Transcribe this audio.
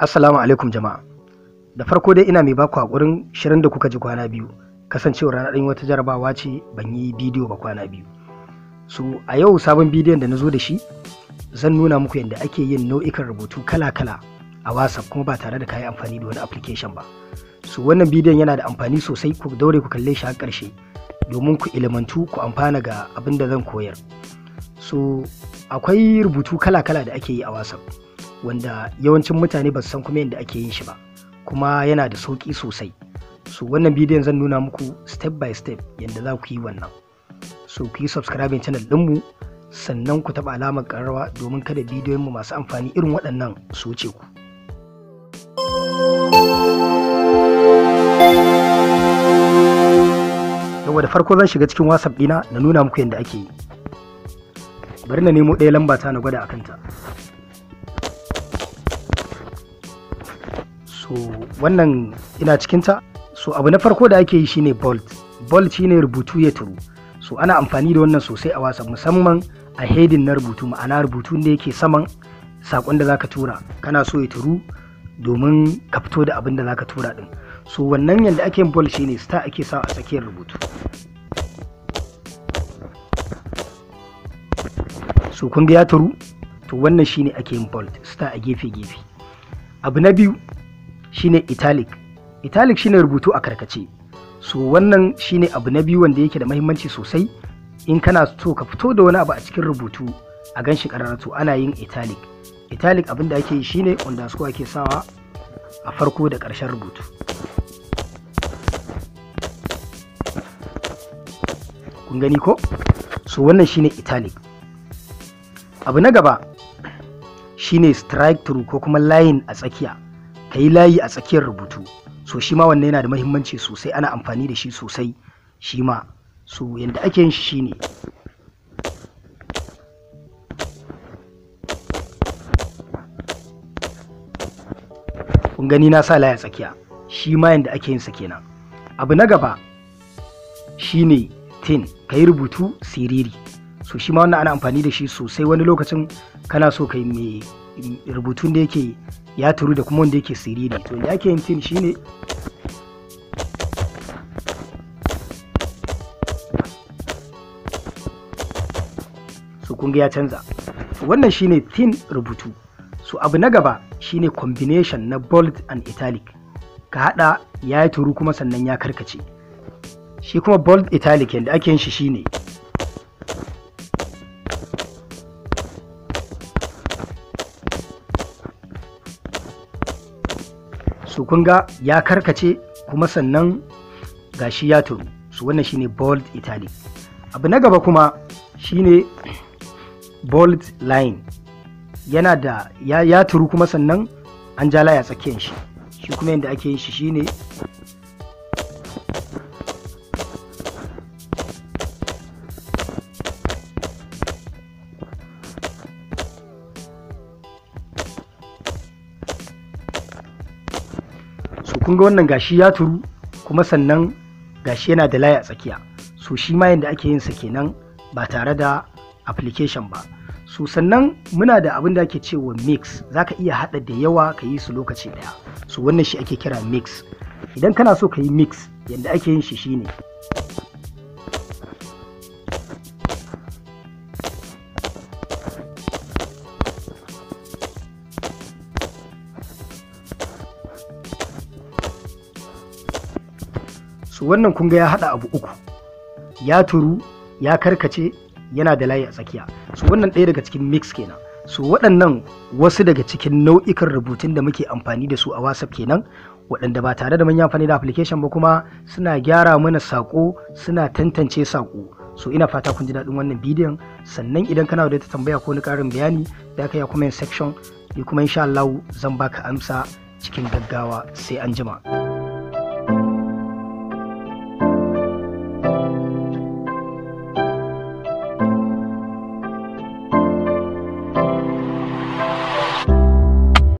Assalamu alaikum jama'a. Da farko dai ina mai baku hakurin shirin da kuka ji kwana biyu, kasancewar rana ɗan wata jarabawa ce ban yi bidiyo ba kwana biyu. So a yau sabon bidiyon da na zo da shi zan nuna muku yadda ake yin nau'ikan rubutu kala-kala a WhatsApp kuma ba tare da kayi amfani da wani application ba. So wannan bidiyon yana da amfani sosai ku daure ku kalle shi har ƙarshe domin ku ilimantu ku amfana ga abin da zan koyar. So akwai rubutu kala-kala da ake yi a WhatsApp. wanda yawancin mutane ba su san kuma yadda ake yin shi ba kuma yana da sauƙi sosai so wannan bidiyon zan nuna muku step by step yadda za ku yi wannan so ku yi subscribing channel ɗinmu sannan ku taɓa alamar ƙararrawa domin kada bidiyoyinmu masu amfani irin waɗannan su wuce ku yawa da farko zan shiga cikin whatsapp ɗina na nuna muku yadda ake yi bari na nemo ɗaya lambata na gwada a kanta so wannan ina cikinta so abu na farko da ake yi shine bolt bolt shine rubutu ya turu so ana amfani da wannan sosai a wasa musamman a hedin na rubutu ma'ana rubutu da yake saman sakon da zaka tura kana so ya turu domin ka fito da abin da zaka tura din so wannan yadda ake Bolt shine star ake sa a tsakiyar rubutu so kun ga ya turu to wannan shine ake yin bolt star a gefe gefe abu na biyu shine italic italic shine rubutu a karkace so wannan shine abu na biyu wanda yake da mahimmanci sosai in kana so ka fito da wani abu a cikin rubutu a ganshi karara to ana yin italic italic abin da ake yi shine underscore ake sawa a farko da ƙarshen rubutu kun gani ko so wannan shine italic abu na gaba shine strike through ko kuma line a tsakiya ka yi layi a tsakiyar rubutu so shi ma wannan yana da mahimmanci sosai ana amfani da shi sosai shi ma so yadda ake yin shi shine kun gani na sa a tsakiya shi ma yadda ake yin sa kenan abu na gaba shine tin ka yi rubutu siriri so shi ma wannan ana amfani da shi sosai wani lokacin kana so ka yi mai rubutun da yake ya turu da kuma wanda yake siriri to ya ke yin tin shine su kunga ya canza wannan shine thin rubutu su abu na gaba shine combination na bold and italic ka hada ya yi turu kuma sannan ya karkace shi kuma bold italic yadda ake yin shi shine su kun ga ya karkace kuma sannan ga shi ya turu su wannan shine bold italy abu na gaba kuma shine bold line yana da ya, turu kuma sannan an jala ya tsakiyan shi shi kuma yadda ake yin shi shine kun ga wannan gashi ya turu kuma sannan gashi yana da layi a tsakiya so shi ma yadda ake yin sa kenan ba tare da application ba so sannan muna da abin da ake cewa mix za ka iya haɗa da yawa ka yi su lokaci ɗaya so wannan shi ake kira mix idan kana so ka yi mix yadda ake yin shi shine so wannan kunga ya haɗa abu uku ya turu ya karkace yana da layi a tsakiya so wannan ɗaya daga cikin mix kenan so waɗannan wasu daga cikin nau'ikan rubutun da muke amfani da su a whatsapp kenan waɗanda ba tare da manyan amfani da application ba kuma suna gyara mana sako, suna tantance sako. so ina fata kun ji daɗin wannan bidiyon sannan idan kana da tambaya ko wani ƙarin bayani da ka yi comment section ni kuma insha Allah zan baka amsa cikin gaggawa sai an jima.